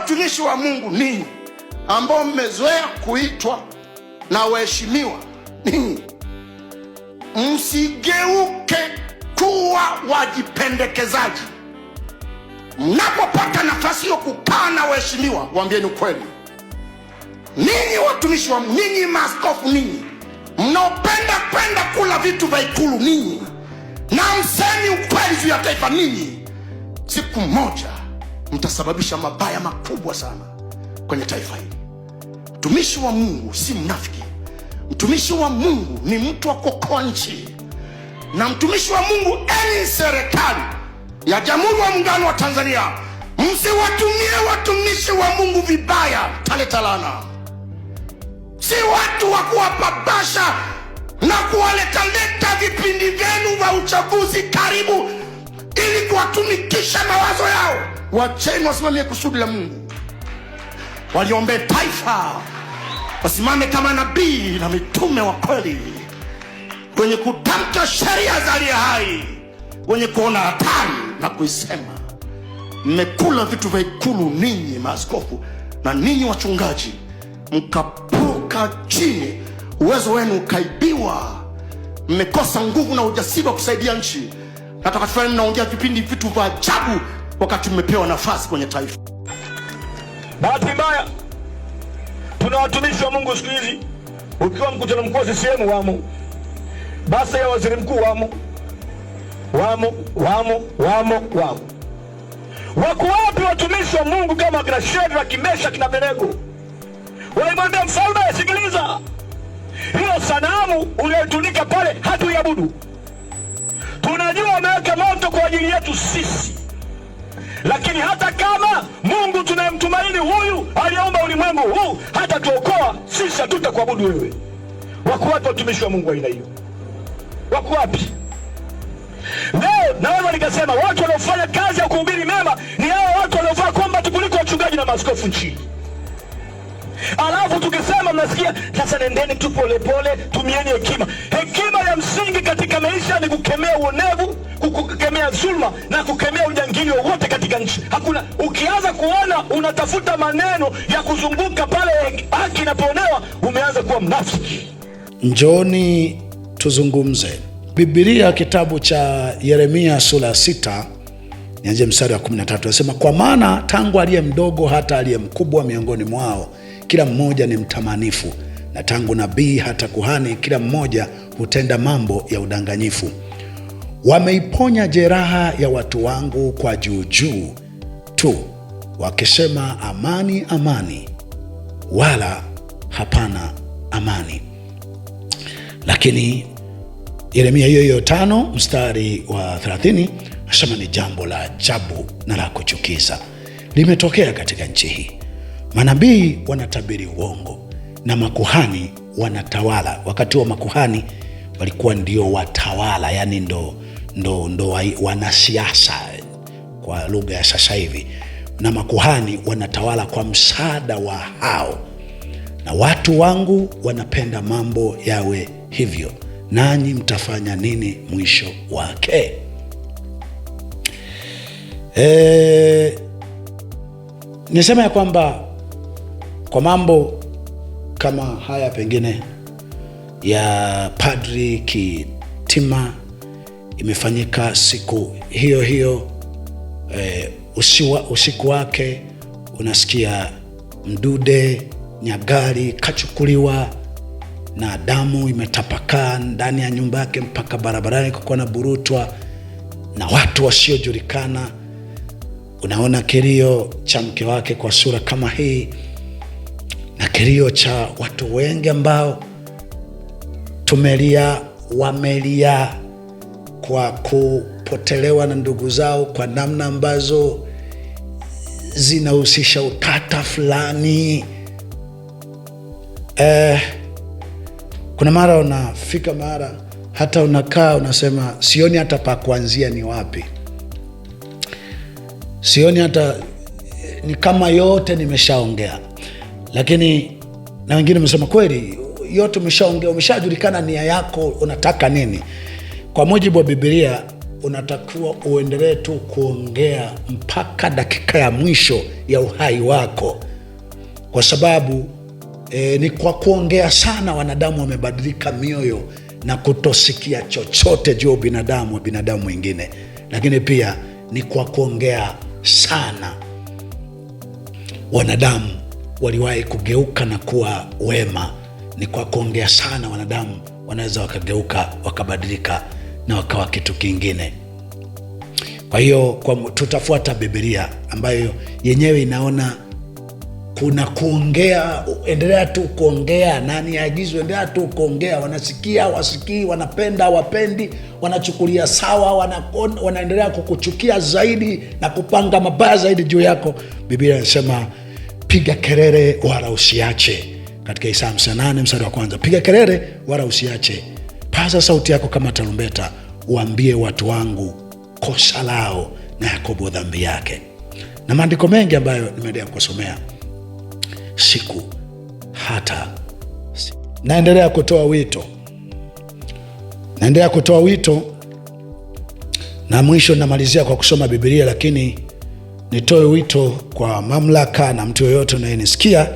watumishi wa Mungu ninyi ambao mmezoea kuitwa na waheshimiwa ninyi, msigeuke kuwa wajipendekezaji. Mnapopata nafasi hiyo kukaa na waheshimiwa, waambieni ukweli. Ninyi watumishi wa Mungu, ninyi maaskofu, ninyi mnaopenda kwenda kula vitu vya Ikulu, ninyi na msemi ukweli juu ya taifa, ninyi siku moja mtasababisha mabaya makubwa sana kwenye taifa hili. Mtumishi wa Mungu si mnafiki. Mtumishi wa Mungu ni mtu wa kuokoa nchi, na mtumishi wa Mungu, eni serikali ya Jamhuri ya Muungano wa Tanzania, msiwatumie watumishi wa Mungu vibaya, taletalana si watu wa kuwapapasha na kuwaletaleta vipindi vyenu vya uchaguzi karibu, ili kuwatumikisha Wacheni wasimamie kusudi la Mungu, waliombee taifa, wasimame kama nabii na mitume wa kweli, wenye kutamka sheria za aliye hai, wenye kuona hatari na kuisema. Mmekula vitu vya ikulu, ninyi maaskofu na ninyi wachungaji, mkapuka chini, uwezo wenu ukaibiwa. Mmekosa nguvu na ujasiri wa kusaidia nchi, na takatifu, mnaongea vipindi vitu vya ajabu wakati mmepewa nafasi kwenye taifa. Bahati mbaya tuna watumishi wa Mungu siku hizi, ukiwa mkutano mkuu wa CCM wamo, basi ya waziri mkuu wamo, wamo wamo wamo wamo. Wako wapi watumishi wa Mungu kama kina Shedra, Kimesha, kina Berego? Walimwambia mfalme, sikiliza, hiyo sanamu uliyotunika pale hatuiabudu, tunajua wameweka moto kwa ajili yetu sisi lakini hata kama Mungu tunayemtumaini huyu aliyeumba ulimwengu huu hata tuokoa sisi, hatutakuabudu wewe. Wako wapi watumishi wa Mungu aina hiyo? Wako wapi leo? Naweza nikasema watu wanaofanya kazi ya kuhubiri mema ni hao watu wanaovaa kwamba kuliko wachungaji na maaskofu nchini. Alafu tukisema mnasikia sasa, nendeni tu polepole, tumieni hekima. Hekima ya msingi katika maisha ni kukemea uonevu kukemea zulma na kukemea ujangili wowote katika nchi. Hakuna ukianza kuona unatafuta maneno ya kuzunguka pale haki inapoonewa, umeanza kuwa mnafiki. njoni tuzungumze. Biblia kitabu cha Yeremia sura ya sita nianzie mstari wa 13, anasema kwa maana tangu aliye mdogo hata aliye mkubwa miongoni mwao kila mmoja ni mtamanifu, na tangu nabii hata kuhani kila mmoja hutenda mambo ya udanganyifu. Wameiponya jeraha ya watu wangu kwa juujuu tu, wakisema amani, amani, wala hapana amani. Lakini Yeremia hiyo hiyo tano mstari wa 30 asema ni jambo la ajabu na la kuchukiza limetokea katika nchi hii. Manabii wanatabiri uongo na makuhani wanatawala. Wakati wa makuhani walikuwa ndio watawala, yani ndo ndo, ndo wanasiasa kwa lugha ya sasa hivi, na makuhani wanatawala kwa msaada wa hao, na watu wangu wanapenda mambo yawe hivyo, nanyi mtafanya nini mwisho wake? E, nisema ya kwamba kwa mambo kama haya pengine ya Padri Kitima imefanyika siku hiyo hiyo e, eh, usiwa, usiku wake unasikia Mdude nyagari kachukuliwa na damu imetapakaa ndani ya nyumba yake mpaka barabarani, kukuwa na burutwa na watu wasiojulikana. Unaona kilio cha mke wake kwa sura kama hii na kilio cha watu wengi ambao tumelia wamelia kwa kupotelewa na ndugu zao kwa namna ambazo zinahusisha utata fulani. Eh, kuna mara unafika mara hata unakaa unasema, sioni hata pa kuanzia ni wapi, sioni hata ni kama yote nimeshaongea. Lakini na wengine umesema kweli, yote umeshaongea, umeshajulikana nia yako, unataka nini? Kwa mujibu wa Biblia unatakiwa uendelee tu kuongea mpaka dakika ya mwisho ya uhai wako, kwa sababu e, ni kwa kuongea sana wanadamu wamebadilika mioyo na kutosikia chochote juu ya ubinadamu wa binadamu wengine lakini pia ni kwa kuongea sana wanadamu waliwahi kugeuka na kuwa wema. Ni kwa kuongea sana wanadamu wanaweza wakageuka wakabadilika na wakawa kitu kingine. Kwa hiyo kwa tutafuata Biblia ambayo yenyewe inaona kuna kuongea, endelea tu kuongea, nani agizo, endelea tu kuongea. Wanasikia wasikii, wanapenda wapendi, wanachukulia sawa, wana, wanaendelea kukuchukia zaidi na kupanga mabaya zaidi juu yako. Biblia inasema piga kelele wala usiache, katika Isaya 58 mstari wa kwanza, piga kelele wala usiache paza sauti yako kama tarumbeta, uambie watu wangu kosa lao na Yakobo dhambi yake. Na maandiko mengi ambayo nimeendelea kusomea siku hata naendelea kutoa wito, naendelea kutoa wito, na mwisho namalizia kwa kusoma Biblia, lakini nitoe wito kwa mamlaka na mtu yoyote unayenisikia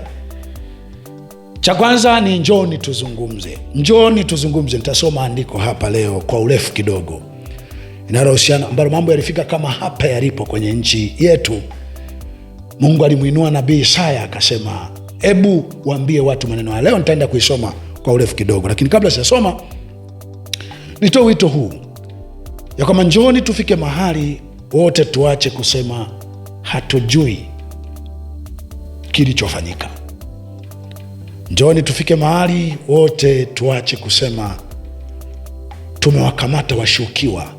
cha kwanza ni njoni tuzungumze, njoni tuzungumze. Nitasoma andiko hapa leo kwa urefu kidogo linalohusiana ambalo mambo yalifika kama hapa yalipo kwenye nchi yetu. Mungu alimwinua nabii Isaya akasema, hebu waambie watu maneno haya. Leo nitaenda kuisoma kwa urefu kidogo, lakini kabla sijasoma, nitoe wito huu ya kwamba njoni tufike mahali wote tuache kusema hatujui kilichofanyika. Njoni tufike mahali wote tuache kusema tumewakamata washukiwa,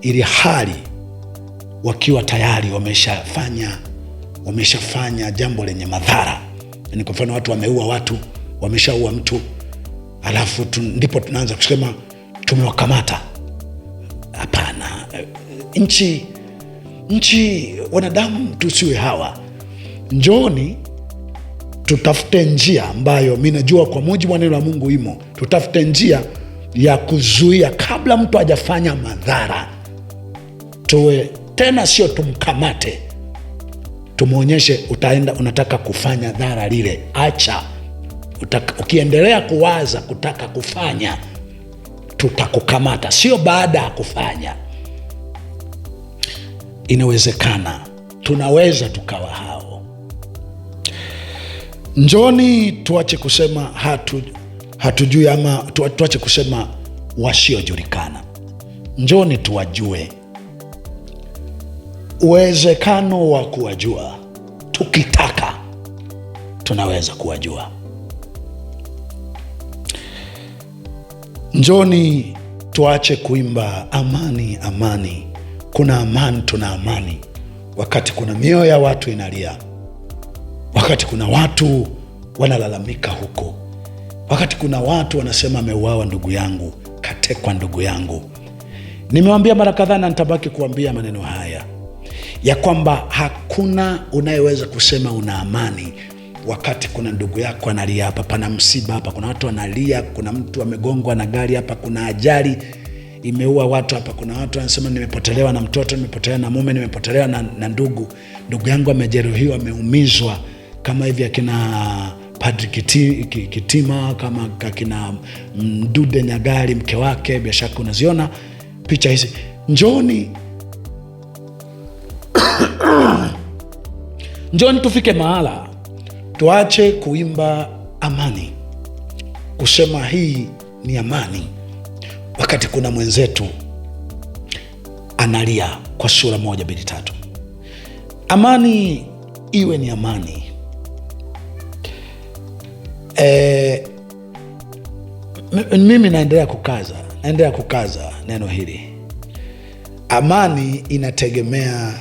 ili hali wakiwa tayari wameshafanya wameshafanya jambo lenye madhara. Yani kwa mfano watu wameua watu, wameshaua mtu, alafu tu, ndipo tunaanza kusema tumewakamata. Hapana, nchi nchi, wanadamu tusiwe hawa. Njoni tutafute njia ambayo mi najua kwa mujibu wa neno la Mungu imo, tutafute njia ya kuzuia kabla mtu hajafanya madhara, tuwe tena, sio tumkamate, tumwonyeshe utaenda, unataka kufanya dhara lile, acha utaka, ukiendelea kuwaza kutaka kufanya tutakukamata, sio baada ya kufanya. Inawezekana tunaweza tukawa hao Njoni tuache kusema hatu, hatujui ama tuache kusema wasiojulikana. Njoni tuwajue. Uwezekano wa kuwajua, tukitaka tunaweza kuwajua. Njoni tuache kuimba amani, amani, kuna amani, tuna amani, wakati kuna mioyo ya watu inalia wakati kuna watu wanalalamika huko, wakati kuna watu wanasema ameuawa ndugu yangu, katekwa ndugu yangu. Nimewambia mara kadhaa na nitabaki kuambia maneno haya ya kwamba hakuna unayeweza kusema una amani wakati kuna ndugu yako analia hapa, pana msiba hapa, kuna watu wanalia, kuna mtu amegongwa na gari hapa, kuna ajali imeua watu hapa, kuna watu wanasema nimepotelewa na mtoto, nimepotelewa na mume, nimepotelewa na, na ndugu, ndugu yangu amejeruhiwa, ameumizwa kama hivi akina Padri Kitima, kama akina Mdude Nyagali, mke wake, bila shaka unaziona picha hizi. Njoni njoni, tufike mahala tuache kuimba amani, kusema hii ni amani, wakati kuna mwenzetu analia kwa sura moja, bili tatu. Amani iwe ni amani Eh, mimi naendelea kukaza, naendelea kukaza neno hili. Amani inategemea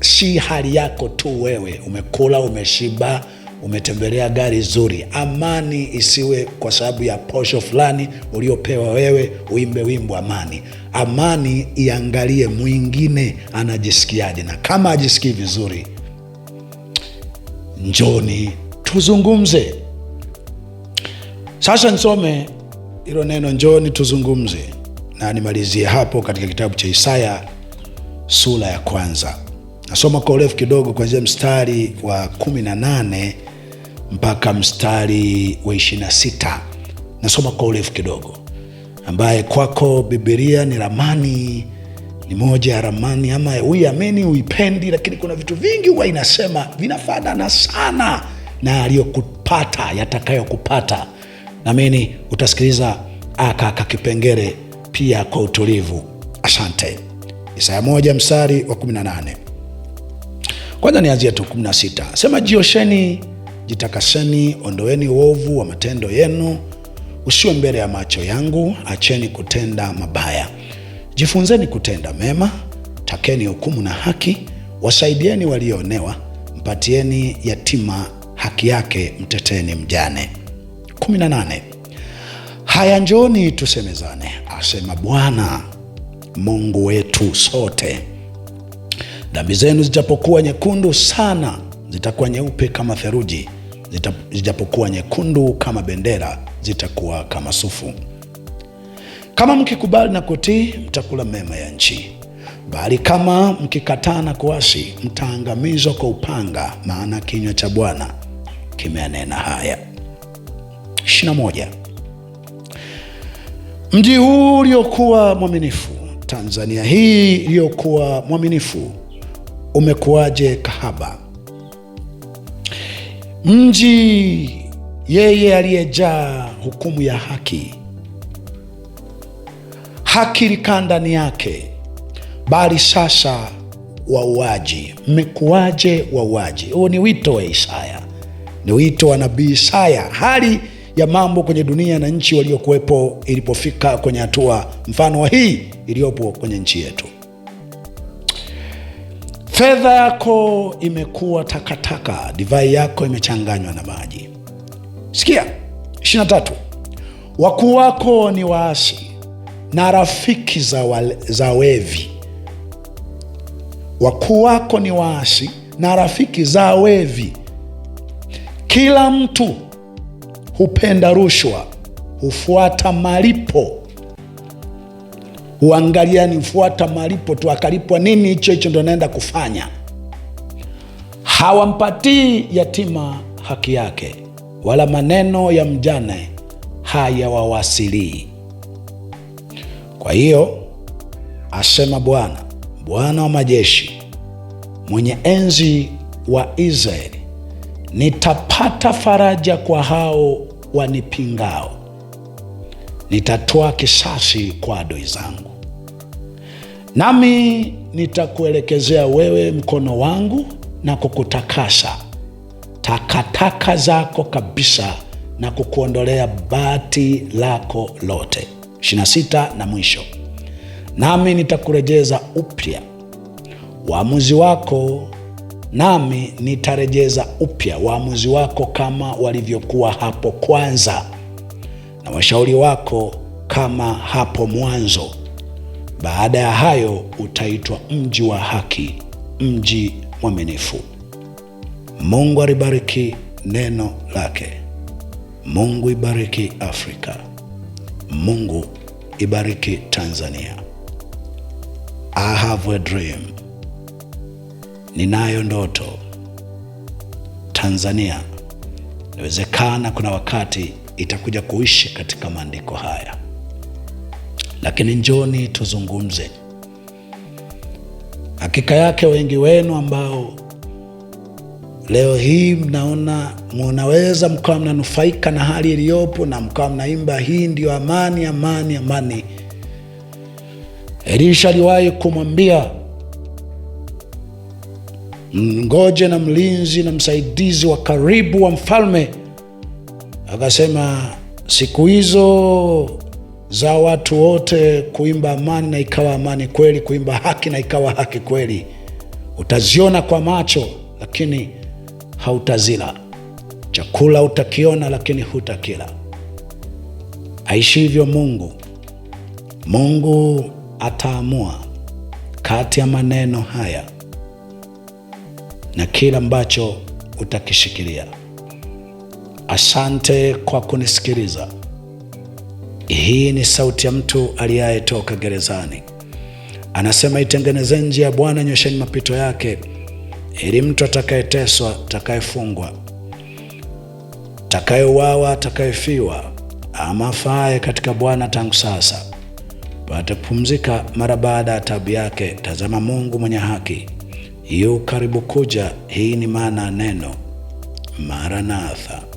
si hali yako tu wewe, umekula umeshiba, umetembelea gari zuri. Amani isiwe kwa sababu ya posho fulani uliopewa wewe, uimbe wimbo amani. Amani iangalie mwingine anajisikiaje, na kama ajisikii vizuri, njoni tuzungumze. Sasa nisome hilo neno, njoni tuzungumze, na nimalizie hapo katika kitabu cha Isaya sura ya kwanza. Nasoma kwa urefu kidogo kuanzia mstari wa 18 mpaka mstari wa 26. Nasoma kwa urefu kidogo ambaye kwako Bibilia ni ramani, ni moja ya ramani, ama uiamini uipendi, lakini kuna vitu vingi huwa inasema vinafanana sana na aliyokupata yatakayokupata. Naamini utasikiliza aka kipengele pia kwa utulivu. Asante. Isaya moja mstari wa 18. Kwanza nianzie tu 16, sema jiosheni, jitakaseni, ondoeni uovu wa matendo yenu usiwe mbele ya macho yangu. Acheni kutenda mabaya, jifunzeni kutenda mema. Takeni hukumu na haki, wasaidieni walioonewa, mpatieni yatima haki yake, mteteni mjane. 18, haya njoni tusemezane, asema Bwana Mungu wetu sote, dhambi zenu zijapokuwa nyekundu sana, zitakuwa nyeupe kama theruji zijapokuwa nyekundu kama bendera, zitakuwa kama sufu. Kama mkikubali na kutii, mtakula mema ya nchi, bali kama mkikataa na kuasi, mtaangamizwa kwa upanga, maana kinywa cha Bwana kimeanena haya. 21. Mji huu uliokuwa mwaminifu, Tanzania hii iliyokuwa mwaminifu, umekuwaje kahaba? Mji yeye aliyejaa hukumu ya haki, haki likaa ndani yake, bali sasa wauaji. Mmekuwaje wauaji? Huo ni wito wa Isaya, ni wito wa nabii Isaya, hali ya mambo kwenye dunia na nchi waliokuwepo ilipofika kwenye hatua mfano wa hii iliyopo kwenye nchi yetu. Fedha yako imekuwa takataka, divai yako imechanganywa na maji. Sikia tatu, wakuu wako ni waasi na rafiki za, wale, za wevi. Wakuu wako ni waasi na rafiki za wevi. Kila mtu hupenda rushwa, hufuata malipo, huangalia ni malipo tu, akalipwa nini hicho hicho ndo naenda kufanya. Hawampatii yatima haki yake, wala maneno ya mjane hayawawasilii. Kwa hiyo asema Bwana, Bwana wa majeshi, mwenye enzi wa Israeli, nitapata faraja kwa hao wanipingao, nitatoa kisasi kwa adui zangu, nami nitakuelekezea wewe mkono wangu na kukutakasa takataka zako kabisa na kukuondolea bati lako lote. 26 na mwisho, nami nitakurejeza upya uamuzi wako nami nitarejeza upya waamuzi wako kama walivyokuwa hapo kwanza, na washauri wako kama hapo mwanzo. Baada ya hayo utaitwa mji wa haki, mji mwaminifu. Mungu alibariki neno lake. Mungu ibariki Afrika. Mungu ibariki Tanzania. I have a dream ninayo ndoto Tanzania, inawezekana kuna wakati itakuja kuishi katika maandiko haya, lakini njoni tuzungumze. Hakika yake wengi wenu ambao leo hii mnaona mnaweza mkawa mnanufaika na hali iliyopo na mkawa mnaimba hii ndiyo amani, amani, amani. Elisha aliwahi kumwambia mngoje na mlinzi na msaidizi wa karibu wa mfalme. Akasema siku hizo za watu wote kuimba amani na ikawa amani kweli, kuimba haki na ikawa haki kweli, utaziona kwa macho lakini hautazila, chakula utakiona lakini hutakila. Aishi hivyo Mungu. Mungu ataamua kati ya maneno haya na kila ambacho utakishikilia. Asante kwa kunisikiliza. Hii ni sauti ya mtu aliyetoka gerezani, anasema itengeneze njia ya Bwana, nyosheni mapito yake, ili mtu atakayeteswa, atakayefungwa, atakayeuawa, atakayefiwa ama afaaye katika Bwana tangu sasa pate kupumzika mara baada ya taabu yake. Tazama, Mungu mwenye haki yu karibu kuja. Hii ni maana ya neno Maranatha.